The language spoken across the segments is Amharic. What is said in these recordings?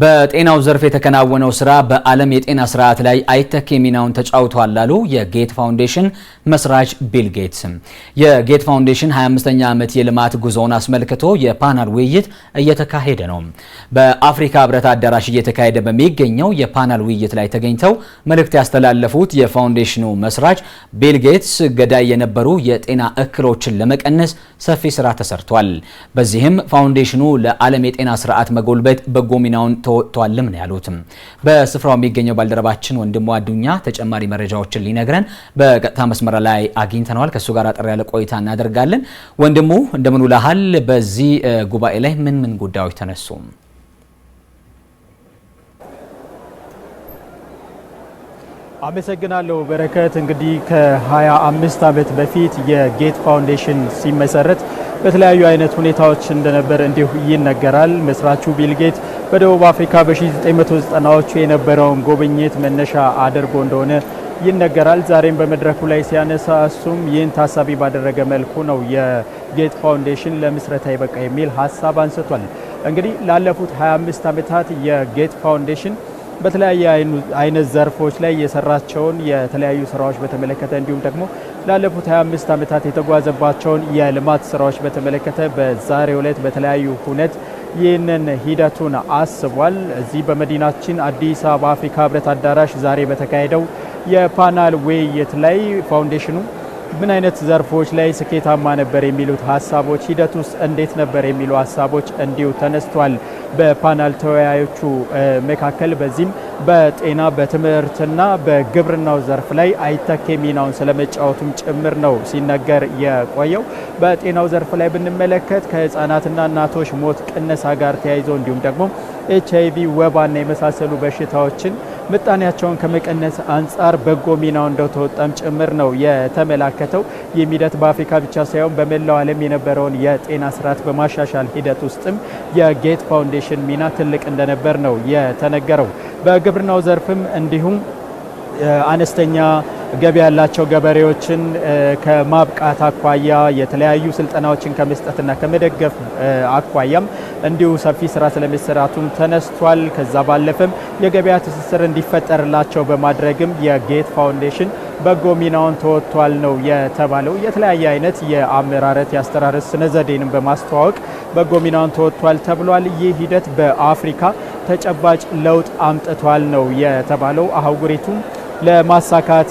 በጤናው ዘርፍ የተከናወነው ስራ በዓለም የጤና ስርዓት ላይ አይተኬ ሚናውን ተጫውቷል አሉ የጌት ፋውንዴሽን መስራች ቢል ጌትስ። የጌት ፋውንዴሽን 25ኛ ዓመት የልማት ጉዞውን አስመልክቶ የፓናል ውይይት እየተካሄደ ነው። በአፍሪካ ህብረት አዳራሽ እየተካሄደ በሚገኘው የፓናል ውይይት ላይ ተገኝተው መልእክት ያስተላለፉት የፋውንዴሽኑ መስራች ቢል ጌትስ ገዳይ የነበሩ የጤና እክሎችን ለመቀነስ ሰፊ ስራ ተሰርቷል። በዚህም ፋውንዴሽኑ ለዓለም የጤና ስርዓት መጎልበት በጎ ሚናውን ተወጥተዋልም ነው ያሉትም። በስፍራው የሚገኘው ባልደረባችን ወንድሙ አዱኛ ተጨማሪ መረጃዎችን ሊነግረን በቀጥታ መስመር ላይ አግኝተነዋል። ከእሱ ጋር አጠር ያለ ቆይታ እናደርጋለን። ወንድሙ እንደምን ውለሃል? በዚህ ጉባኤ ላይ ምን ምን ጉዳዮች ተነሱ? አመሰግናለሁ በረከት። እንግዲህ ከ25 ዓመት በፊት የጌት ፋውንዴሽን ሲመሰረት በተለያዩ አይነት ሁኔታዎች እንደነበር እንዲሁ ይነገራል። መስራቹ ቢልጌት በደቡብ አፍሪካ በ1990ዎቹ የነበረውን ጉብኝት መነሻ አድርጎ እንደሆነ ይነገራል። ዛሬም በመድረኩ ላይ ሲያነሳ እሱም ይህን ታሳቢ ባደረገ መልኩ ነው የጌት ፋውንዴሽን ለምስረታ ይበቃ የሚል ሀሳብ አንስቷል። እንግዲህ ላለፉት 25 ዓመታት የጌት ፋውንዴሽን በተለያየ አይነት ዘርፎች ላይ የሰራቸውን የተለያዩ ስራዎች በተመለከተ እንዲሁም ደግሞ ላለፉት 25 ዓመታት የተጓዘባቸውን የልማት ስራዎች በተመለከተ በዛሬው ዕለት በተለያዩ ሁነት ይህንን ሂደቱን አስቧል። እዚህ በመዲናችን አዲስ አበባ አፍሪካ ህብረት አዳራሽ ዛሬ በተካሄደው የፓናል ውይይት ላይ ፋውንዴሽኑ ምን አይነት ዘርፎች ላይ ስኬታማ ነበር የሚሉት ሀሳቦች፣ ሂደት ውስጥ እንዴት ነበር የሚሉ ሀሳቦች እንዲሁ ተነስቷል በፓናል ተወያዮቹ መካከል። በዚህም በጤና በትምህርትና በግብርናው ዘርፍ ላይ አይተኬ ሚናውን ስለመጫወቱም ጭምር ነው ሲነገር የቆየው። በጤናው ዘርፍ ላይ ብንመለከት ከህፃናትና እናቶች ሞት ቅነሳ ጋር ተያይዞ እንዲሁም ደግሞ ኤች ወባና የመሳሰሉ በሽታዎችን ምጣኔያቸውን ከመቀነስ አንጻር በጎ ሚናው እንደተወጣም ጭምር ነው የተመላከተው። ይህም ሂደት በአፍሪካ ብቻ ሳይሆን በመላው ዓለም የነበረውን የጤና ስርዓት በማሻሻል ሂደት ውስጥም የጌት ፋውንዴሽን ሚና ትልቅ እንደነበር ነው የተነገረው። በግብርናው ዘርፍም እንዲሁም አነስተኛ ገቢ ያላቸው ገበሬዎችን ከማብቃት አኳያ የተለያዩ ስልጠናዎችን ከመስጠትና ከመደገፍ አኳያም እንዲሁ ሰፊ ስራ ስለመሰራቱም ተነስቷል። ከዛ ባለፈም የገበያ ትስስር እንዲፈጠርላቸው በማድረግም የጌት ፋውንዴሽን በጎ ሚናውን ተወጥቷል ነው የተባለው። የተለያየ አይነት የአመራረት የአስተራረስ ስነ ዘዴንም በማስተዋወቅ በጎ ሚናውን ተወጥቷል ተብሏል። ይህ ሂደት በአፍሪካ ተጨባጭ ለውጥ አምጥቷል ነው የተባለው አህጉሪቱም ለማሳካት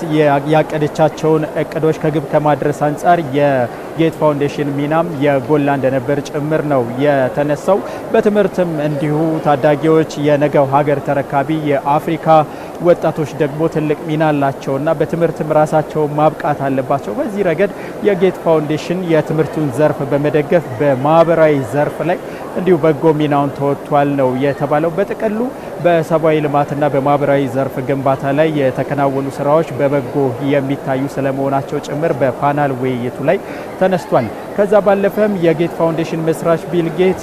ያቀደቻቸውን እቅዶች ከግብ ከማድረስ አንጻር የጌት ፋውንዴሽን ሚናም የጎላ እንደነበር ጭምር ነው የተነሳው። በትምህርትም እንዲሁ ታዳጊዎች የነገው ሀገር ተረካቢ የአፍሪካ ወጣቶች ደግሞ ትልቅ ሚና አላቸውና በትምህርትም ራሳቸውን ማብቃት አለባቸው። በዚህ ረገድ የጌት ፋውንዴሽን የትምህርቱን ዘርፍ በመደገፍ በማህበራዊ ዘርፍ ላይ እንዲሁ በጎ ሚናውን ተወጥቷል ነው የተባለው በጥቅሉ በሰብአዊ ልማትና በማህበራዊ ዘርፍ ግንባታ ላይ የተከናወኑ ስራዎች በበጎ የሚታዩ ስለመሆናቸው ጭምር በፓናል ውይይቱ ላይ ተነስቷል። ከዛ ባለፈም የጌት ፋውንዴሽን መስራች ቢል ጌት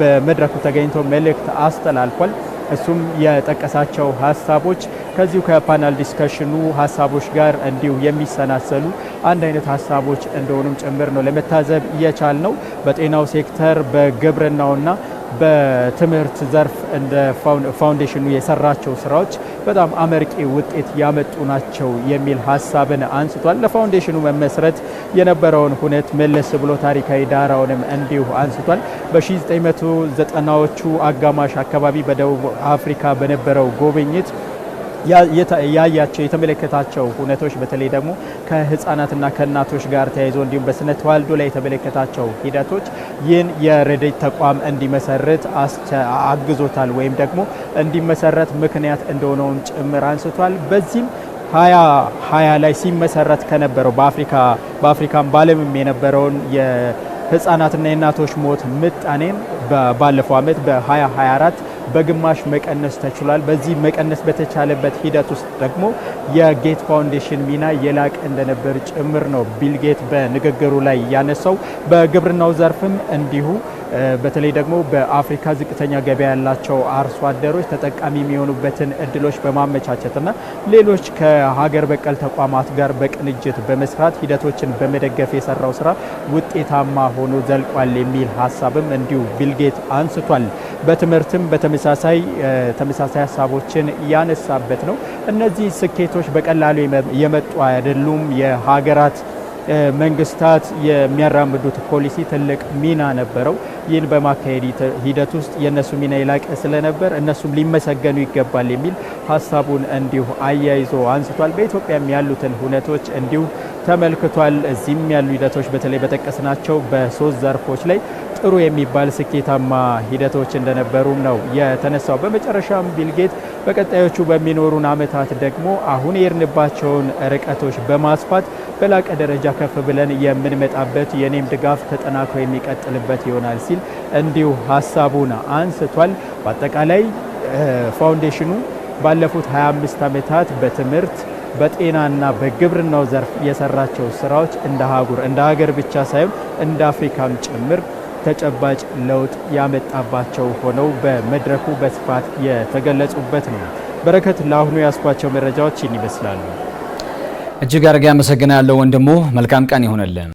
በመድረኩ ተገኝቶ መልእክት አስተላልፏል። እሱም የጠቀሳቸው ሀሳቦች ከዚሁ ከፓናል ዲስከሽኑ ሀሳቦች ጋር እንዲሁ የሚሰናሰሉ አንድ አይነት ሀሳቦች እንደሆኑም ጭምር ነው ለመታዘብ እየቻል ነው በጤናው ሴክተር በግብርናውና በትምህርት ዘርፍ እንደ ፋውንዴሽኑ የሰራቸው ስራዎች በጣም አመርቂ ውጤት ያመጡ ናቸው የሚል ሀሳብን አንስቷል። ለፋውንዴሽኑ መመስረት የነበረውን ሁነት መለስ ብሎ ታሪካዊ ዳራውንም እንዲሁ አንስቷል። በ1990ዎቹ አጋማሽ አካባቢ በደቡብ አፍሪካ በነበረው ጉብኝት ያያቸው የተመለከታቸው ሁነቶች በተለይ ደግሞ ከህፃናትና ከእናቶች ጋር ተያይዞ እንዲሁም በስነ ተዋልዶ ላይ የተመለከታቸው ሂደቶች ይህን የረድኤት ተቋም እንዲመሰርት አግዞታል ወይም ደግሞ እንዲመሰረት ምክንያት እንደሆነውም ጭምር አንስቷል። በዚህም ሀያ ሀያ ላይ ሲመሰረት ከነበረው በአፍሪካ በአፍሪካም በዓለምም የነበረውን የህፃናትና የእናቶች ሞት ምጣኔም ባለፈው ዓመት በ2024 በግማሽ መቀነስ ተችሏል። በዚህ መቀነስ በተቻለበት ሂደት ውስጥ ደግሞ የጌት ፋውንዴሽን ሚና የላቀ እንደነበር ጭምር ነው ቢል ጌት በንግግሩ ላይ ያነሳው። በግብርናው ዘርፍም እንዲሁ በተለይ ደግሞ በአፍሪካ ዝቅተኛ ገበያ ያላቸው አርሶ አደሮች ተጠቃሚ የሚሆኑበትን እድሎች በማመቻቸትና ሌሎች ከሀገር በቀል ተቋማት ጋር በቅንጅት በመስራት ሂደቶችን በመደገፍ የሰራው ስራ ውጤታማ ሆኖ ዘልቋል የሚል ሀሳብም እንዲሁ ቢልጌት አንስቷል። በትምህርትም በተመ ተመሳሳይ ተመሳሳይ ሀሳቦችን ያነሳበት ነው። እነዚህ ስኬቶች በቀላሉ የመጡ አይደሉም። የሀገራት መንግስታት የሚያራምዱት ፖሊሲ ትልቅ ሚና ነበረው። ይህን በማካሄድ ሂደት ውስጥ የእነሱ ሚና የላቀ ስለነበር እነሱም ሊመሰገኑ ይገባል የሚል ሀሳቡን እንዲሁ አያይዞ አንስቷል። በኢትዮጵያም ያሉትን ሁነቶች እንዲሁ ተመልክቷል። እዚህም ያሉ ሂደቶች በተለይ በጠቀስናቸው በሶስት ዘርፎች ላይ ጥሩ የሚባል ስኬታማ ሂደቶች እንደነበሩም ነው የተነሳው። በመጨረሻም ቢልጌት በቀጣዮቹ በሚኖሩን ዓመታት ደግሞ አሁን የርንባቸውን ርቀቶች በማስፋት በላቀ ደረጃ ከፍ ብለን የምንመጣበት የኔም ድጋፍ ተጠናክሮ የሚቀጥልበት ይሆናል ሲል እንዲሁ ሀሳቡን አንስቷል። በአጠቃላይ ፋውንዴሽኑ ባለፉት 25 ዓመታት በትምህርት በጤናና በግብርናው ዘርፍ የሰራቸው ስራዎች እንደ አህጉር እንደ ሀገር ብቻ ሳይሆን እንደ አፍሪካም ጭምር ተጨባጭ ለውጥ ያመጣባቸው ሆነው በመድረኩ በስፋት የተገለጹበት ነው። በረከት፣ ለአሁኑ ያስኳቸው መረጃዎች ይህን ይመስላሉ። እጅግ አድርጌ አመሰግናለሁ ወንድሙ። መልካም ቀን ይሆነልን።